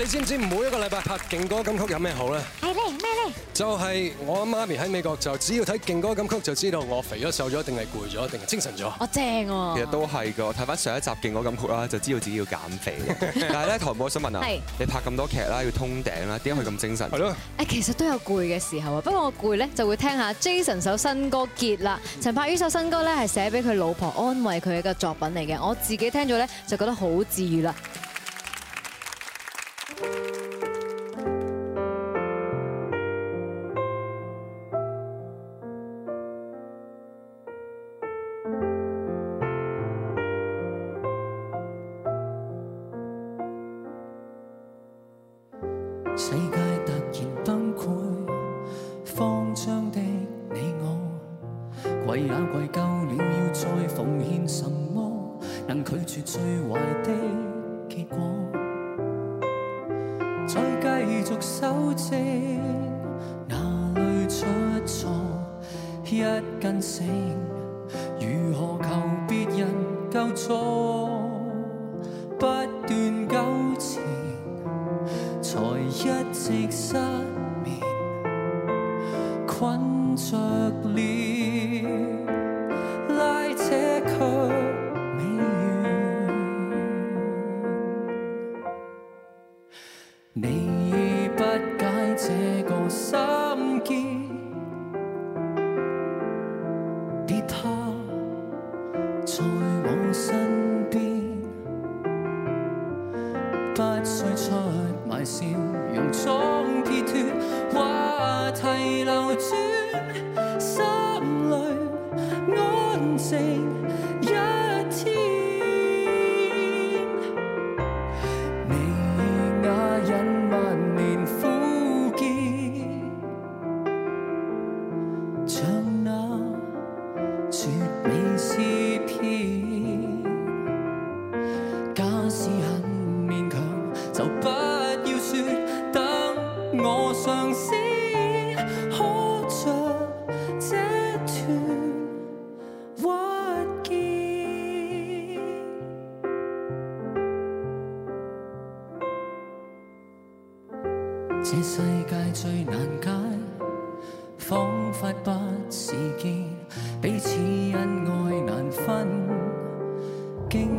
你知唔知每一個禮拜拍勁歌金曲有咩好咧？係咧咩咧？就係我阿媽咪喺美國就只要睇勁歌金曲就知道我肥咗瘦咗定係攰咗定係精神咗。我正喎。其實都係噶，睇翻上一集勁歌金曲啦，就知道自己要減肥。但係咧，台妹我想問啊，你拍咁多劇啦，要通頂啦，點解會咁精神？係咯。誒，其實都有攰嘅時候啊，不過我攰咧就會聽下 Jason 首新歌結啦。陳柏宇首新歌咧係寫俾佢老婆安慰佢嘅作品嚟嘅，我自己聽咗咧就覺得好治癒啦。一直失眠，困着了，拉扯佢。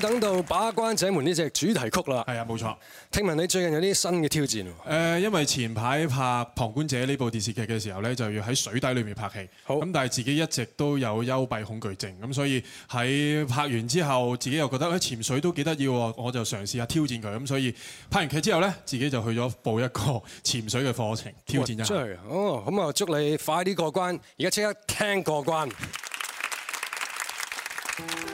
等到把關者們呢隻主題曲啦，係啊，冇錯。聽聞你最近有啲新嘅挑戰，誒，因為前排拍旁觀者呢部電視劇嘅時候呢，就要喺水底裏面拍戲，好咁，但係自己一直都有幽閉恐懼症，咁所以喺拍完之後，自己又覺得誒潛水都幾得意喎，我就嘗試下挑戰佢，咁所以拍完劇之後呢，自己就去咗報一個潛水嘅課程，挑戰一下。哦，咁啊，祝你快啲過關，而家即刻聽過關。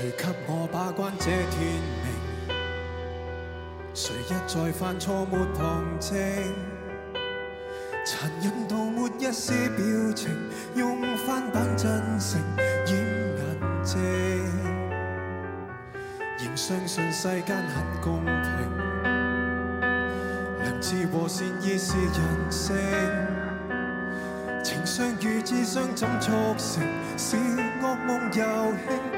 誰給我把關這天命誰一再犯錯沒旁證？殘忍到沒一絲表情，用翻版真誠掩眼睛。仍相信世間很公平，良知和善意是人性。情商與智商怎促成？是惡夢遊戲。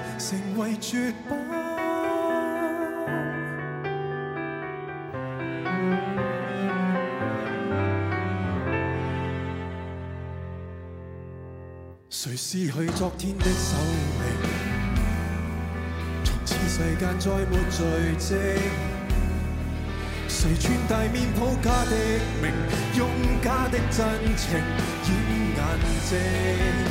成為絕品，誰失去昨天的手臂？從此世間再沒罪證。誰穿大面譜假的名，用假的真情演眼睛？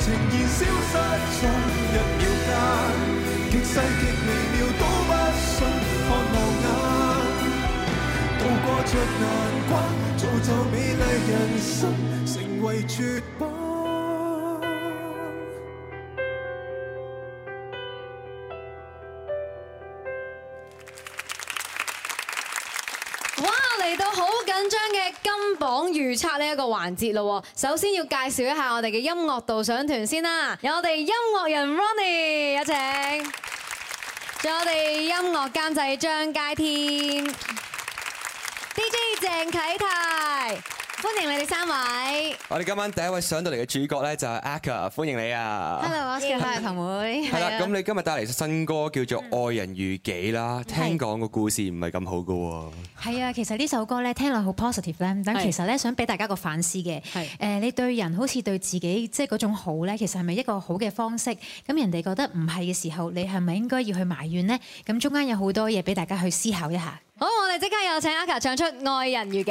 情願消失在一秒間，極細極微妙都不信看流眼，渡過着難關，造就美麗人生，成為絕版。榜預測呢一個環節咯，首先要介紹一下我哋嘅音樂導賞團先啦，有我哋音樂人 Ronnie 有請，仲有我哋音樂監製張佳添，DJ 鄭啟泰。歡迎你哋三位。我哋今晚第一位上到嚟嘅主角咧就係 Aka，歡迎你啊！Hello，我係 Aka 嘅彤妹。係啦的，咁你今日帶嚟新歌叫做《愛人如己》啦，的聽講個故事唔係咁好噶喎。係啊，其實呢首歌咧聽落好 positive 咧，等的其實咧想俾大家個反思嘅。係的。誒，你對人好似對自己即係嗰種好咧，其實係咪一個好嘅方式？咁人哋覺得唔係嘅時候，你係咪應該要去埋怨呢？咁中間有好多嘢俾大家去思考一下。好，我哋即刻有請 Aka 唱出《愛人如己》。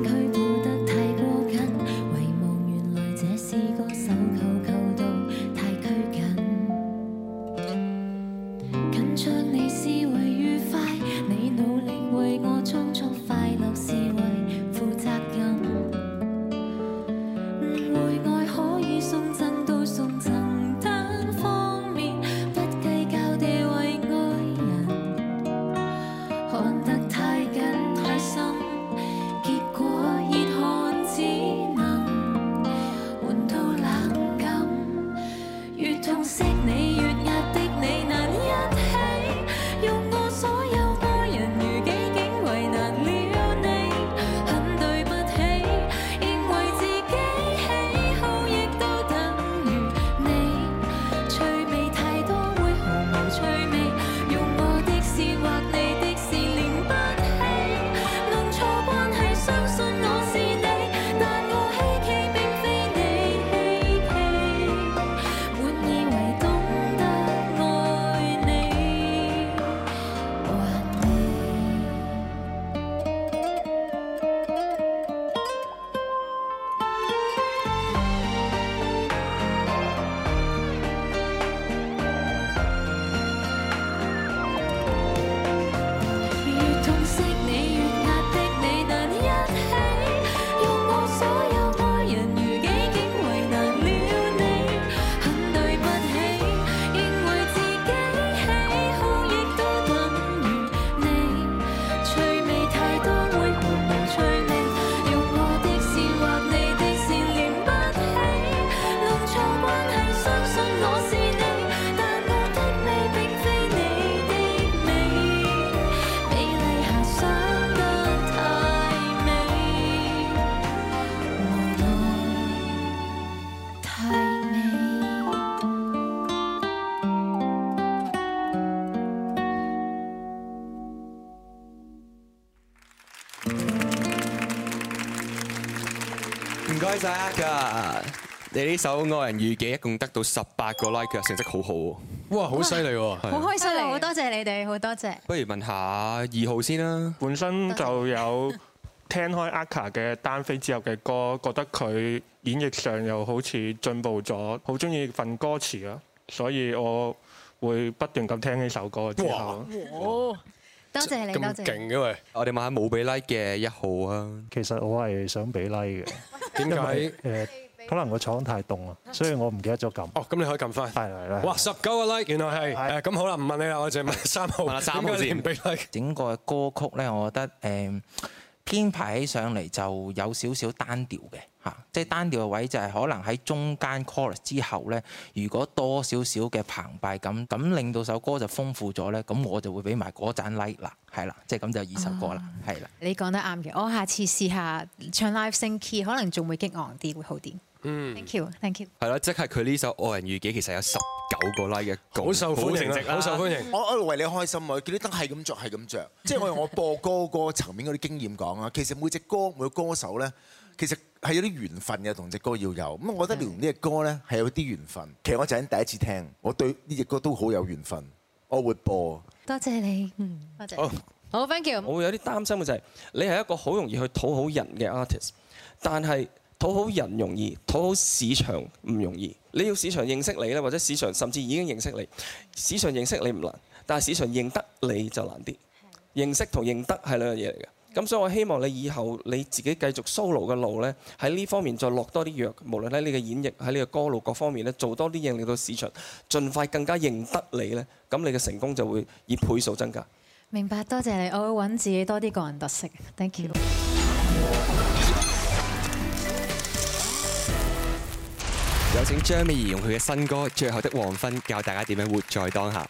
得噶！你呢首《愛人預記》一共得到十八個 like，佢成績好好喎！哇，好犀利喎！好開心喎，好多謝你哋，好多謝。不如問下二號先啦。本身就有聽開 Aka 嘅《單飛》之後嘅歌，覺得佢演繹上又好似進步咗，好中意份歌詞啊，所以我會不斷咁聽呢首歌之後。哇！哦，多謝你，多謝。咁勁嘅喂！我哋問下冇俾 like 嘅一號啊，其實我係想俾 like 嘅。點解？誒，可能個廠太凍啊，所以我唔記得咗撳。哦，咁你可以撳翻。係嚟啦。哇，十九個 like，原來係誒，咁的好啦，唔問你啦，我淨係問三號。三個字。整個歌曲咧，我覺得誒。編排起上嚟就有少少單調嘅，嚇！即係單調嘅位就係可能喺中間 chorus 之後呢，如果多少少嘅澎湃感，咁令到首歌就豐富咗呢，咁我就會俾埋嗰盞 light、like、啦，係啦，即係咁就二首歌啦，係啦，嗯。了你講得啱嘅，我下次試下唱 live 升 key，可能仲會激昂啲，會好啲。嗯，thank you，thank you。係啦，即係佢呢首《愛人預計》其實有十九個 like 嘅，好受歡迎啦，好受歡迎。我我為你開心啊，見啲燈係咁著，係咁著。即係我用我播歌個層面嗰啲經驗講啊，其實每隻歌每個歌手咧，其實係有啲緣分嘅同隻歌要有。咁我覺得你同呢隻歌咧係有啲緣分。其實我就係第一次聽，我對呢隻歌都好有緣分。我會播。多謝你，嗯，多謝。好，thank you。我會有啲擔心嘅就係你係一個好容易去討好人嘅 artist，但係，討好人容易，討好市場唔容易。你要市場認識你呢，或者市場甚至已經認識你。市場認識你唔難，但係市場認得你就難啲。的認識同認得係兩樣嘢嚟嘅。咁的所以我希望你以後你自己繼續 solo 嘅路呢，喺呢方面再落多啲藥。無論喺你嘅演繹、喺你嘅歌路各方面呢，做多啲嘢令到市場盡快更加認得你呢。咁你嘅成功就會以倍數增加。明白，多謝你，我會揾自己多啲個人特色。Thank you。有請張美儀用佢嘅新歌《最後的黃昏》教大家點樣活在當下。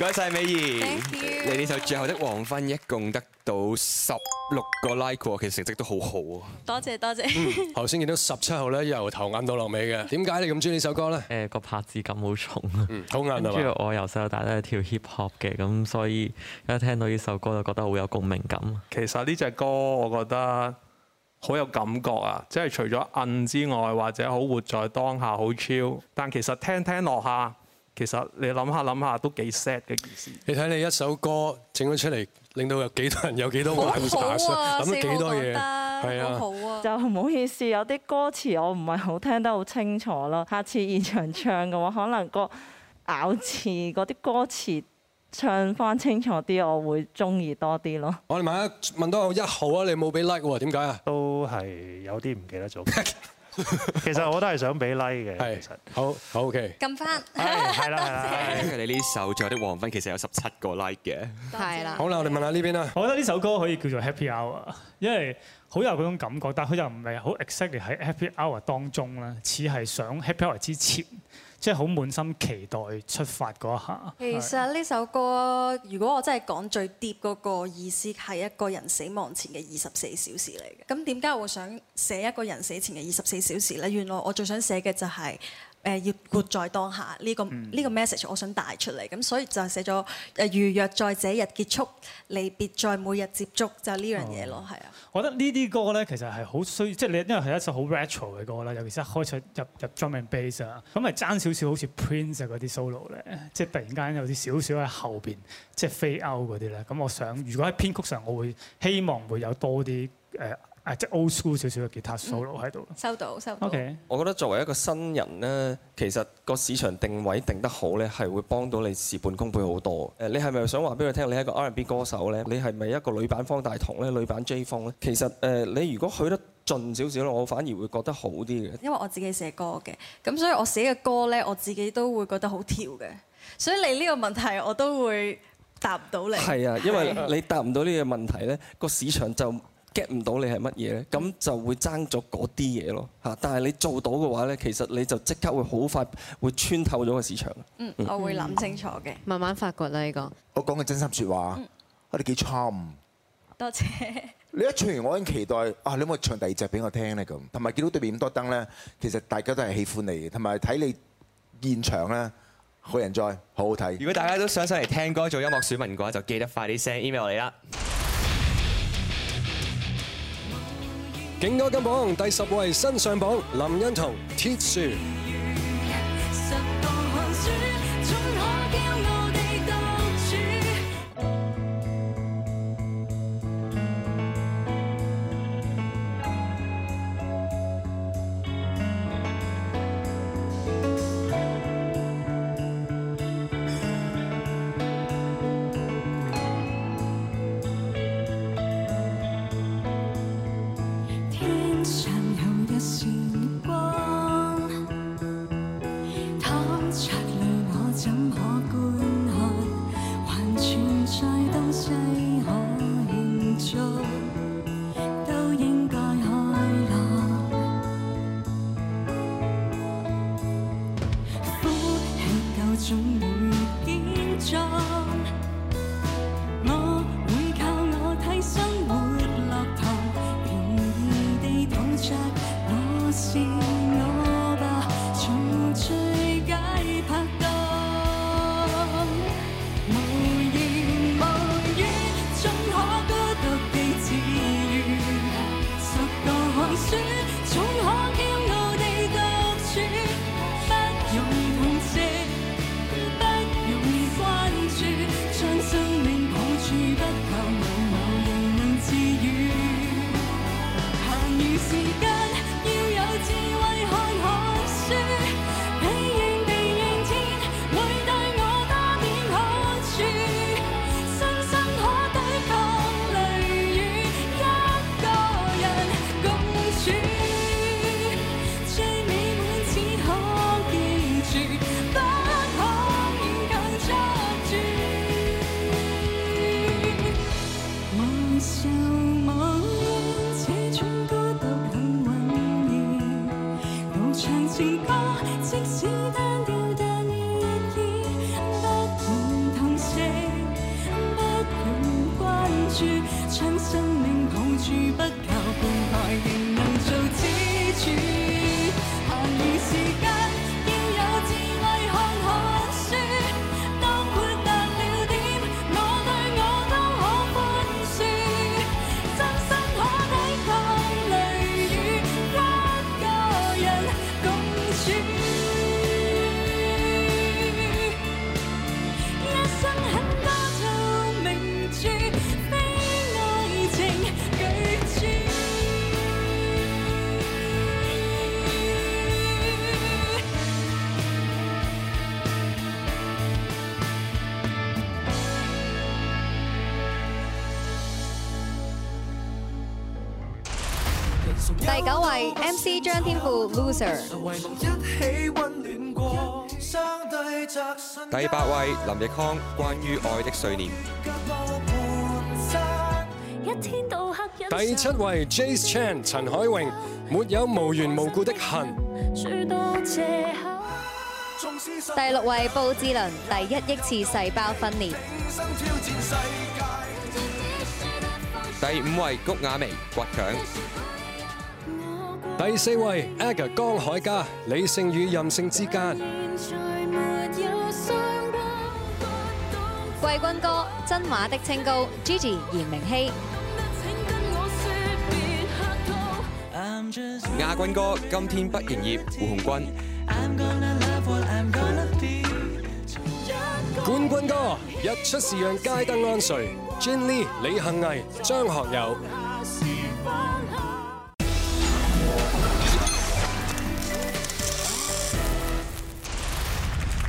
多謝，謝美儀，你呢 Thank you. 首《最後的黃昏》一共得到十六個 like，其實成績都好好啊！多謝多謝。頭先見到十七號咧，由頭硬到落尾嘅，點解你咁中意呢首歌咧？誒、呃，個拍子感好重，嗯，好硬係嘛？我由細到大都係跳 hip hop 嘅，咁所以一聽到呢首歌就覺得好有共鳴感。其實呢隻歌我覺得好有感覺啊，即係除咗硬之外，或者好活在當下，好 chill。但其實聽着聽落下。其實你諗下諗下都幾 sad 嘅件事。你睇你一首歌整咗出嚟，令到有幾多人有幾多個會打賞，諗咗幾多嘢，係啊對 很好。就唔好意思，有啲歌詞我唔係好聽得好清楚咯。下次現場唱嘅話，可能個咬字嗰啲歌詞唱翻清楚啲，我會中意多啲咯。我哋問一問多一，我問我一號啊，你冇俾 like 喎，點解啊？都係有啲唔記得咗。 其實我都係想俾 like 嘅，係好好 OK。撳翻係啦係啦，因為你呢首《仲有啲黃昏》其實有十七個 like 嘅，係啦。好啦，okay. 回， 我哋問下呢邊啦。我覺得呢首歌可以叫做 Happy Hour，因為好有嗰種感覺，但係佢又唔係好 exactly 喺 Happy Hour 當中啦，似係想 Happy Hour 之前。即係好滿心期待出發嗰一刻。其實呢首歌，如果我真係講最 deep 嗰個意思係一個人死亡前嘅二十四小時嚟嘅。咁點解我想寫一個人死前嘅二十四小時呢？原來我最想寫嘅就係、是。誒要活在當下呢個呢個 message，我想帶出嚟咁，所以就寫咗誒如若在這日結束，離別在每日接觸就呢樣嘢咯，係啊！我覺得呢啲歌咧其實係好需，即係你因為係一首好 Retro 嘅歌啦，尤其是開一開出入入 drum and bass 啊，咁咪爭少少好似 Prince 啊嗰啲 solo 咧，即係突然間有啲少少喺後邊即係飛 out 嗰啲咧。咁我想如果喺編曲上，我會希望會有多啲誒。係 即 old school 少少嘅吉他 solo 喺度收到，收到。O.K. 的我覺得作為一個新人呢，其實個市場定位定得好呢，係會幫到你事半功倍好多嘅。你係咪想話俾佢聽，你係一個 R&B 歌手呢？你係咪一個女版方大同呢？女版 J 方呢？其實誒，你如果去得盡少少我反而會覺得好啲嘅。因為我自己寫歌嘅，咁所以我寫嘅歌呢，我自己都會覺得好跳嘅。所以你呢個問題我都會答唔到你。係啊，因為你答唔到呢個問題呢，個的市場就～get 唔到你係乜嘢咧？咁就會爭咗嗰啲嘢咯嚇。但係你做到嘅話咧，其實你就即刻會好快會穿透咗個市場。嗯，我會諗清楚嘅，慢慢發掘啦呢個。我講嘅真心説話，我哋幾 charm。多謝，謝。你一唱完，我已經期待。啊，你可以唱第二隻俾我聽咧咁？同埋見到對面咁多燈咧，其實大家都係喜歡你，同埋睇你現場咧，好人在，好好睇。如果大家都想上嚟聽歌做音樂選民嘅話，就記得快啲 send email 嚟啦。勁歌金榜，第十位新上榜，林欣彤《鐵樹》。M.C. 張天賦，Loser。第八位林奕匡，關於愛的碎念。第七位 Jace Chan 陳凱詠，沒有無緣無故的恨。第六位布志綸，第一億次細胞分裂。第五位谷婭溦，倔強。第四位，AGA 江海迦，理性與任性之間。季軍歌，真話的清高，Gigi 嚴明熙。亞軍歌，今天不營業，胡鴻鈞。冠軍歌，日出時讓街燈安睡，Jenny 李幸倪、張學友。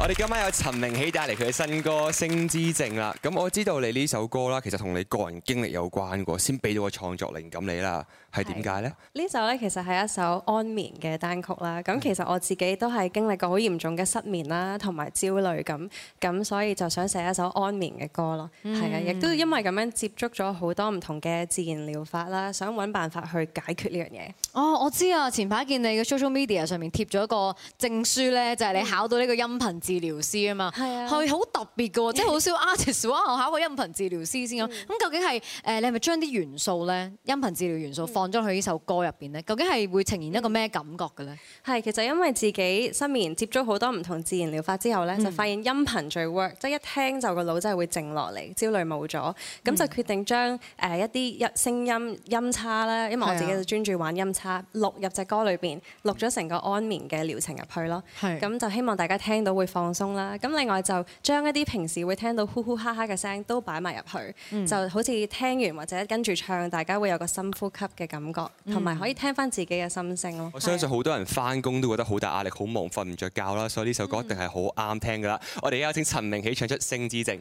我哋今晚有陳明喜帶嚟佢嘅新歌《星之靜》啦。咁我知道你呢首歌啦，其實同你個人經歷有關嘅，先俾咗個創作靈感你啦。係點解呢？呢首咧，其實係一首安眠嘅單曲啦。咁其實我自己都係經歷過好嚴重嘅失眠啦，同埋焦慮咁咁，所以就想寫一首安眠嘅歌咯。係啊，亦都因為咁樣接觸咗好多唔同嘅自然療法啦，想揾辦法去解決呢樣嘢。哦，我知啊，前排見你嘅 social media 上面貼咗個證書咧，就係你考到呢個音頻治療師啊嘛，係好是、啊、特別嘅，即係好少 artist 話 我考個音頻治療師先咁。咁、嗯、究竟係誒你係咪將啲元素咧，音頻治療元素放咗去呢首歌入邊咧？究竟係會呈現一個咩感覺嘅咧？係，其實因為自己失眠接觸好多唔同自然療法之後咧，嗯、就發現音頻最 work，即係一聽就個腦真係會靜落嚟，焦慮冇咗。咁就決定將誒一啲一聲音音叉啦，因為我自己就專注玩音叉、嗯，錄入隻歌裏邊，錄咗成個安眠嘅療程入去咯。係咁是的 就希望大家聽到會放。放鬆啦，咁另外就將一啲平時會聽到呼呼哈哈嘅聲都擺埋入去，嗯、就好似聽完或者跟住唱，大家會有個深呼吸嘅感覺，同埋可以聽翻自己嘅心聲咯。嗯、對 我相信好多人翻工都覺得好大壓力、好忙、瞓唔着覺啦，所以呢首歌一定係好啱聽噶啦。嗯、我哋有請陳明喜唱出《聲之靜》。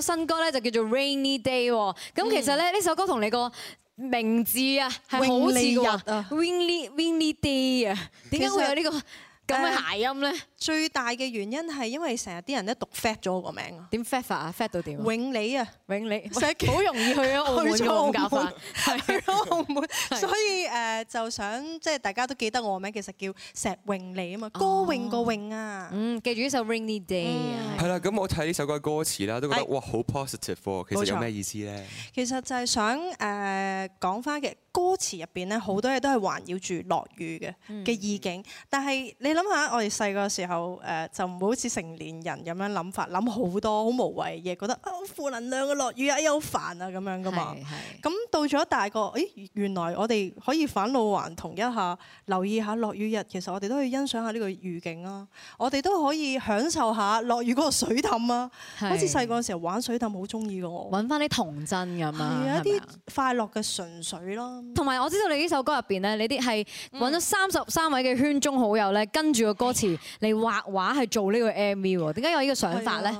新歌咧就叫做 Rainy Day，咁其實咧呢首歌同你個名字啊係好似喎，Rainy Rainy Day 啊，點解會有、這個、實呢個咁嘅諧音咧？最大嘅原因係因為成日啲人咧讀 fat 咗我個名啊，點 fat 法啊？fat 到點？永李啊，永利，好容易去咗澳門㗎，去咯澳門，所以誒。Uh, 就想即係大家都記得我名，其實叫石詠利啊嘛，歌詠個詠啊，嗯，記住呢首 Rainy Day。係啦，咁、啊嗯、我睇呢首嘅歌，歌詞啦，都覺得哇好 positive 喎，其實有咩意思咧？其實就係想誒、呃、講翻嘅歌詞入邊咧，好多嘢都係環繞住落雨嘅嘅意境。嗯、但係你諗下，我哋細個時候誒、呃、就唔會好似成年人咁樣諗法，諗好多好無謂嘢，覺得負、哦、能量嘅落雨啊又煩啊咁樣噶嘛。係的，咁到咗大個，誒原來我哋可以反。路還同一下，留意下落雨日，其實我哋都可以欣賞下呢個雨景啊！我哋都可以享受下落雨嗰個水凼啊，好似細個時候玩水凼好中意嘅我。揾翻啲童真咁啊，有一啲快樂嘅純粹咯。同埋我知道你呢首歌入邊咧，你啲係揾咗三十三位嘅圈中好友咧，嗯、跟住個歌詞嚟畫畫，係做呢個 MV 喎。點解有呢個想法咧？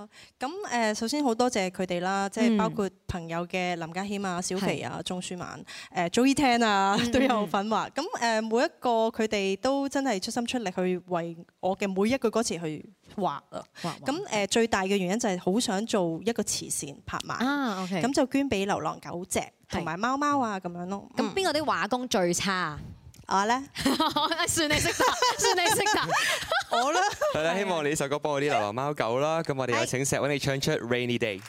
咁誒、啊，首先好多謝佢哋啦，即係包括朋友嘅林家謙啊、小肥啊、鍾是舒曼、誒 Joey Tan 啊，都有畫咁誒，每一個佢哋都真係出心出力去為我嘅每一句歌詞去畫啊！咁誒，最大嘅原因就係好想做一個慈善拍賣，咁就捐俾流浪狗隻同埋貓貓啊咁樣咯。咁邊個啲畫工最差啊？咧，算你識答，算你識答，好啦！係啦，希望你呢首歌幫我啲流浪貓狗啦。咁我哋有請石穩你唱出 Rainy Day。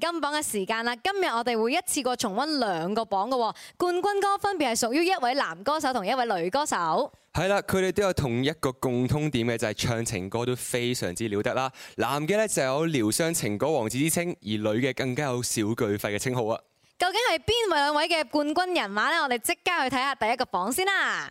金榜嘅時間啦，今日我哋會一次過重溫兩個榜嘅，哦、冠軍歌，分別係屬於一位男歌手同一位女歌手。係啦，佢哋都有同一個共通點嘅，就係、是、唱情歌都非常之了得啦。男嘅咧就有療傷情歌王子之稱，而女嘅更加有小巨肺嘅稱號啊。究竟係邊位兩位嘅冠軍人馬呢？我哋即刻去睇下第一個榜先啦。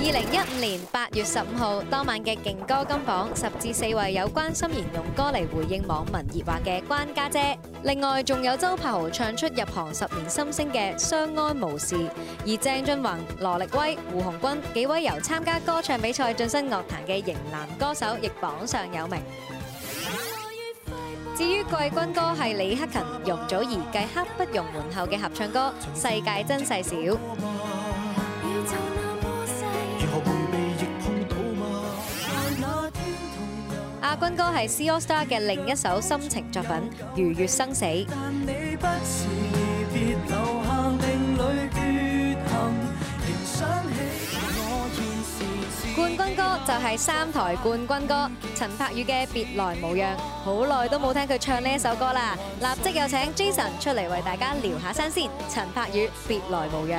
二零一五年八月十五號當晚嘅勁歌金榜十至四位有關心妍用歌嚟回應網民熱話嘅關家姐，另外仲有周柏豪唱出入行十年心聲嘅相安無事，而鄭俊弘、羅力威、胡鴻鈞幾位由參加歌唱比賽晉身樂壇嘅型男歌手亦榜上有名。 至於季軍歌係李克勤、容祖兒繼刻不容緩後嘅合唱歌《世界真細小》。亞軍歌係《C AllStar》嘅另一首深情作品《如月生死》，冠軍歌就係三台冠軍歌陳柏宇嘅《別來無恙》，好耐都冇聽佢唱呢一首歌啦，立即有請 Jason 出嚟為大家療下傷先，陳柏宇《別來無恙》。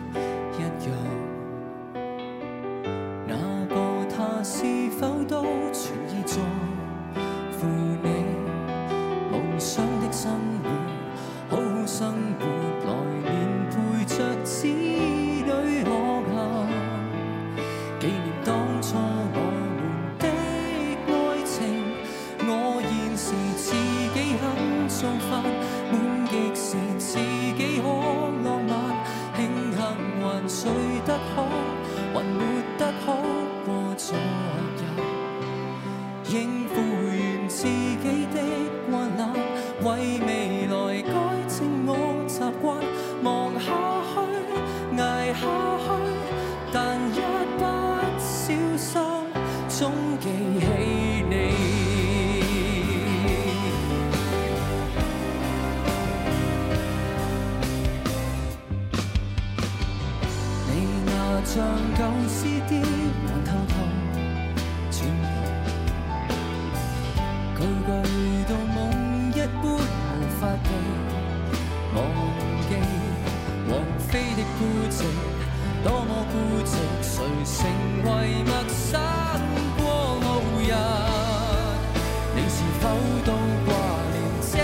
都到掛念這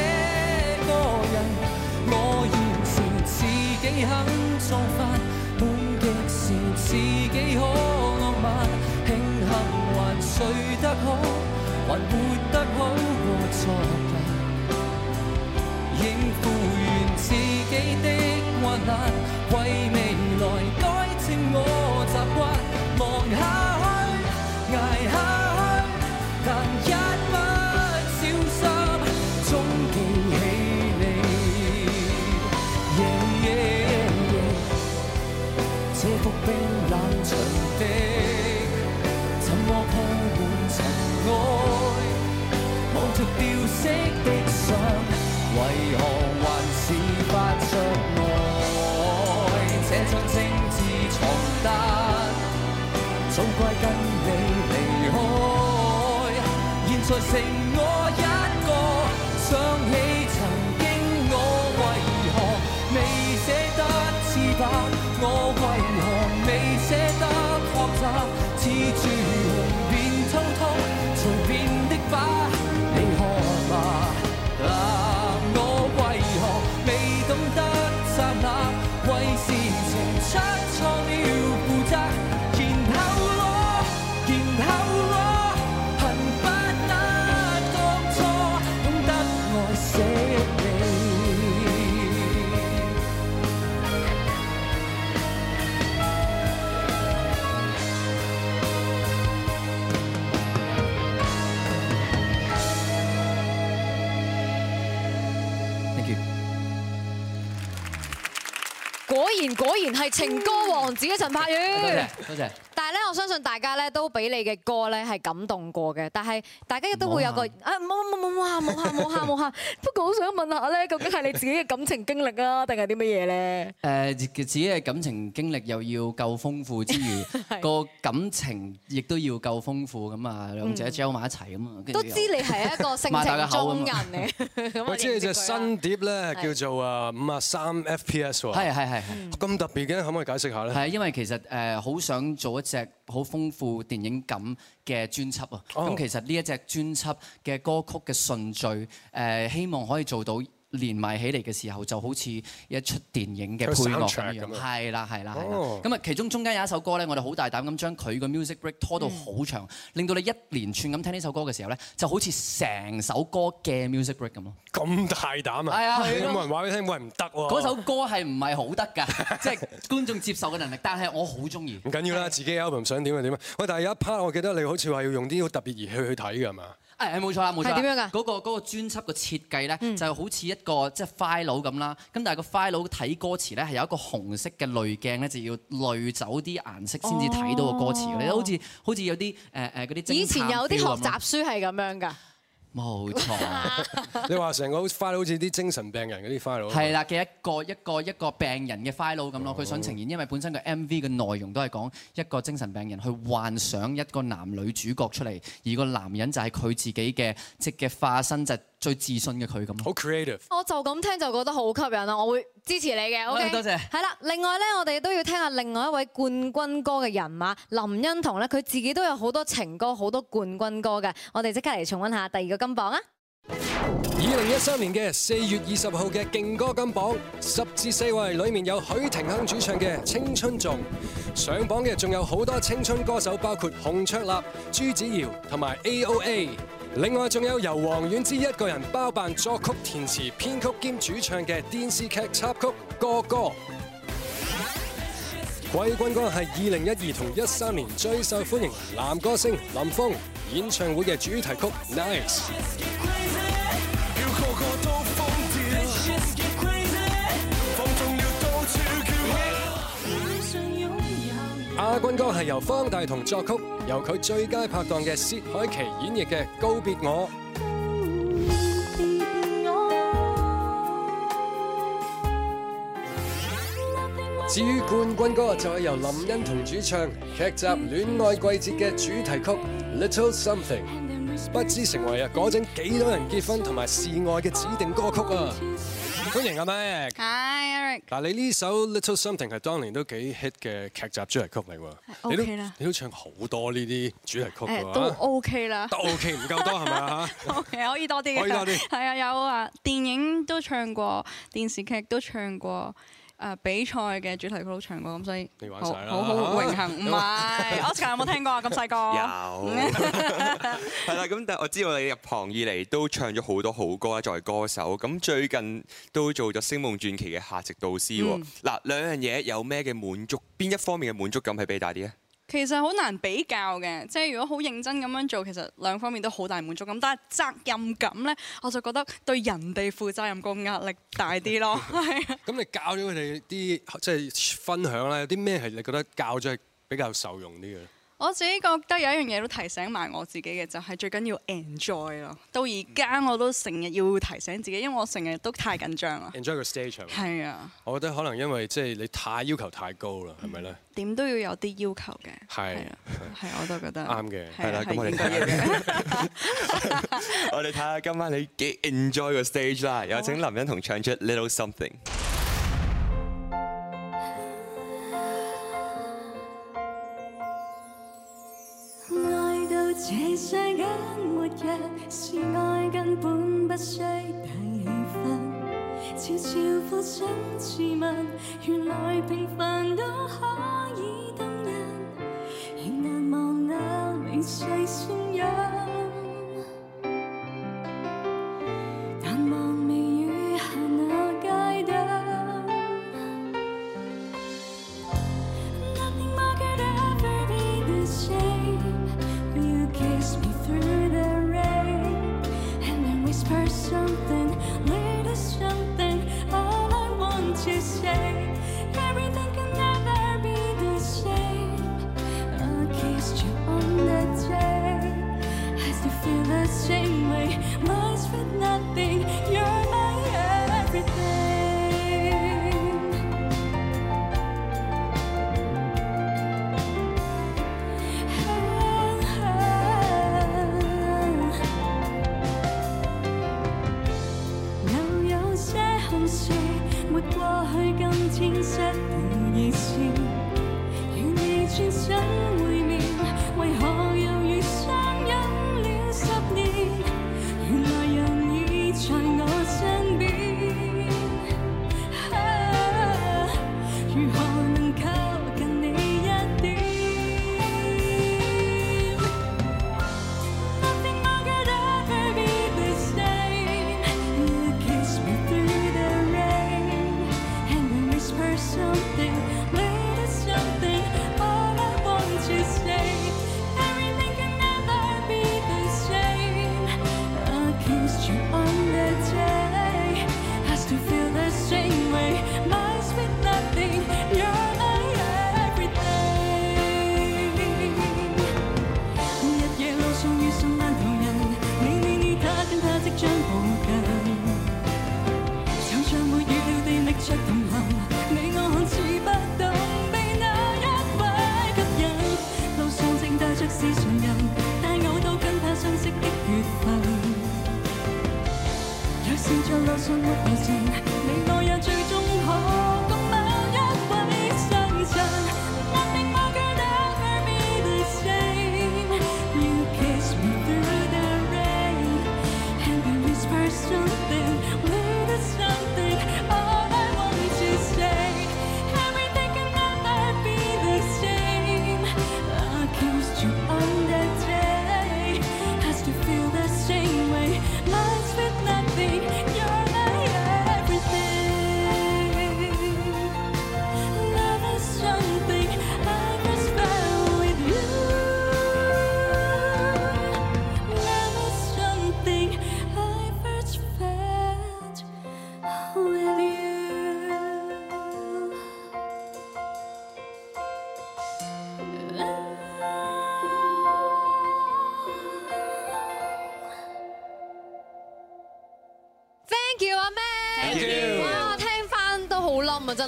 個人，我現時自己肯做飯，滿極時自己可浪漫，慶幸還睡得好，還活得好過昨日，應付完自己的困難。色的傷，為何還是發著呆？這張精緻床單，早該跟你離開。現在剩我一個，想起曾經，我為何未捨得自白？我為何未捨得落魄？似註果然係情歌王子嘅陳柏宇，多謝多謝，謝謝，但係咧相信大家咧都俾你嘅歌咧係感動過嘅，但係大家亦都會有個啊冇冇冇冇啊冇嚇冇嚇冇嚇！不過好想問下咧，究竟係你自己嘅感情經歷啊，定係啲乜嘢咧？誒，自己嘅感情經歷又要夠豐富之餘，個感情亦都要夠豐富咁啊，兩者 join 埋一齊咁啊！都知你係一個性情中人嚟，我知你隻新碟咧叫做啊五啊三 FPS 喎，係係係，咁特別嘅可唔可以解釋下咧？係因為其實誒好想做一隻。好豐富電影感嘅專輯啊！咁、oh. 其實呢一隻專輯嘅歌曲嘅順序，誒希望可以做到。連埋起嚟嘅時候，就好似一出電影嘅配樂咁。係啦，係啦，係啦。咁啊，其中中間有一首歌咧，我哋好大膽咁將佢個 music break 拖到好長，mm. 令到你一連串咁聽呢首歌嘅時候咧，就好似成首歌嘅 music break 咁咯。咁大膽？哎呀，係呀！係啊，冇人話俾你聽，冇人唔得喎。嗰首歌係唔係好得㗎？即係觀眾接受嘅能力，但係我好中意。唔緊要啦，嘅自己 album 想點就點啊！喂，但係有一 part，我記得你好似話要用啲好特別儀器去睇㗎，係嘛？誒，冇錯啦，冇錯啦。點樣㗎？嗰個嗰個專輯嘅設計咧，就好似一個即係 file 咁啦。咁但係個 file 睇歌詞咧，係有一個紅色嘅濾鏡咧，就要濾走啲顏色先至睇到個歌詞。哦，好似好似有啲誒誒啲以前有啲學習書係咁樣㗎。冇沒錯， 你話成個 file 好似啲精神病人嗰啲 file，係啦，嘅一個一個一個病人嘅 file 咁咯。佢想呈現，因為本身個 MV 嘅內容都係講一個精神病人去幻想一個男女主角出嚟，而個男人就係佢自己嘅即嘅化身就是。最自信嘅佢咁好 creative，我就咁聽就覺得好吸引啊，我會支持你嘅。好，多謝。係啦，另外咧，我哋都要聽下另外一位冠軍歌嘅人馬林欣彤咧，佢自己都有好多情歌、好多冠軍歌嘅。我哋即刻嚟重溫下第二個金榜啊！二零一三年嘅四月二十號嘅勁歌金榜十至四位，裏面有許廷鏗主唱嘅《青春頌》，上榜嘅仲有好多青春歌手，包括洪卓立、朱子瑤同埋 A O A。另外，仲有由王菀之一個人包辦作曲填詞、填詞、編曲兼主唱嘅電視劇插曲《哥哥》。季軍歌係二零一二同一三年最受歡迎男歌星林峰演唱會嘅主題曲《Nice》。歌係由方大同作曲，由佢最佳拍檔嘅薛凱琪演繹嘅《告別我》。至於冠軍歌就係由林欣彤主唱劇集《戀愛季節》嘅主題曲《Little Something》，不知成為啊嗰陣幾多人結婚同埋示愛嘅指定歌曲啊！歡迎阿 e Hi Eric。嗱，你呢首《Little Something》係當年都幾 hit 嘅劇集主題曲嚟喎。O、okay、啦了。你都唱好多呢啲主題曲㗎、啊。都 O K 啦。都 O K 唔夠多係咪？O K，可以多啲。可以多啲。係啊，有啊，電影都唱過，電視劇都唱過。誒比賽嘅主題曲好長㗎，咁所以你玩好榮幸。唔係，Oscar 有冇聽過啊？咁細 個有。係啦，咁但係我知道你入行以嚟都唱咗好多好歌啦，作為歌手。咁最近都做咗星夢傳奇嘅客席導師喎。嗱、嗯，兩樣嘢有咩嘅滿足？邊一方面嘅滿足感係比較大啲咧？其實好難比較嘅，即係如果好認真咁樣做，其實兩方面都好大滿足感。但係責任感咧，我就覺得對人哋負責任個壓力大啲咯。係啊。咁你教咗佢哋啲即係分享咧，有啲咩係你覺得教咗係比較受用啲嘅？我自己覺得有一樣嘢都提醒埋我自己嘅，就係最緊要 enjoy 咯。到而家我都成日要提醒自己，因為我成日都太緊張啦。enjoy 個 stage 係啊，我覺得可能因為即係你太要求太高啦，係咪咧？點都要有啲要求嘅，係係我都覺得啱嘅。係啦，咁我哋睇下，我哋睇下今晚你幾 enjoy 個 stage 啦。有請林欣彤唱出《Little Something》。不需睇氣氛，悄悄俯首自問，原來平凡都可以動人，仍難忘那美逝。現在路上沒有人，你我也最終可。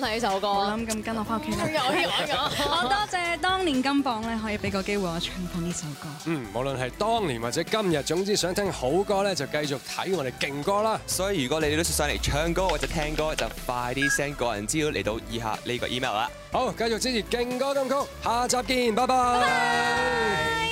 呢首歌，我諗咁跟我翻屋企啦！好 多謝，謝當年金榜咧，可以俾個機會我唱翻呢首歌。嗯，無論係當年或者今日，總之想聽好歌咧，就繼續睇我哋勁歌啦。所以如果你哋都想嚟唱歌、或者聽歌，就快啲 send 個人資料嚟到以下呢個 email 啦。好，繼續支持勁歌金曲，下集見，拜拜。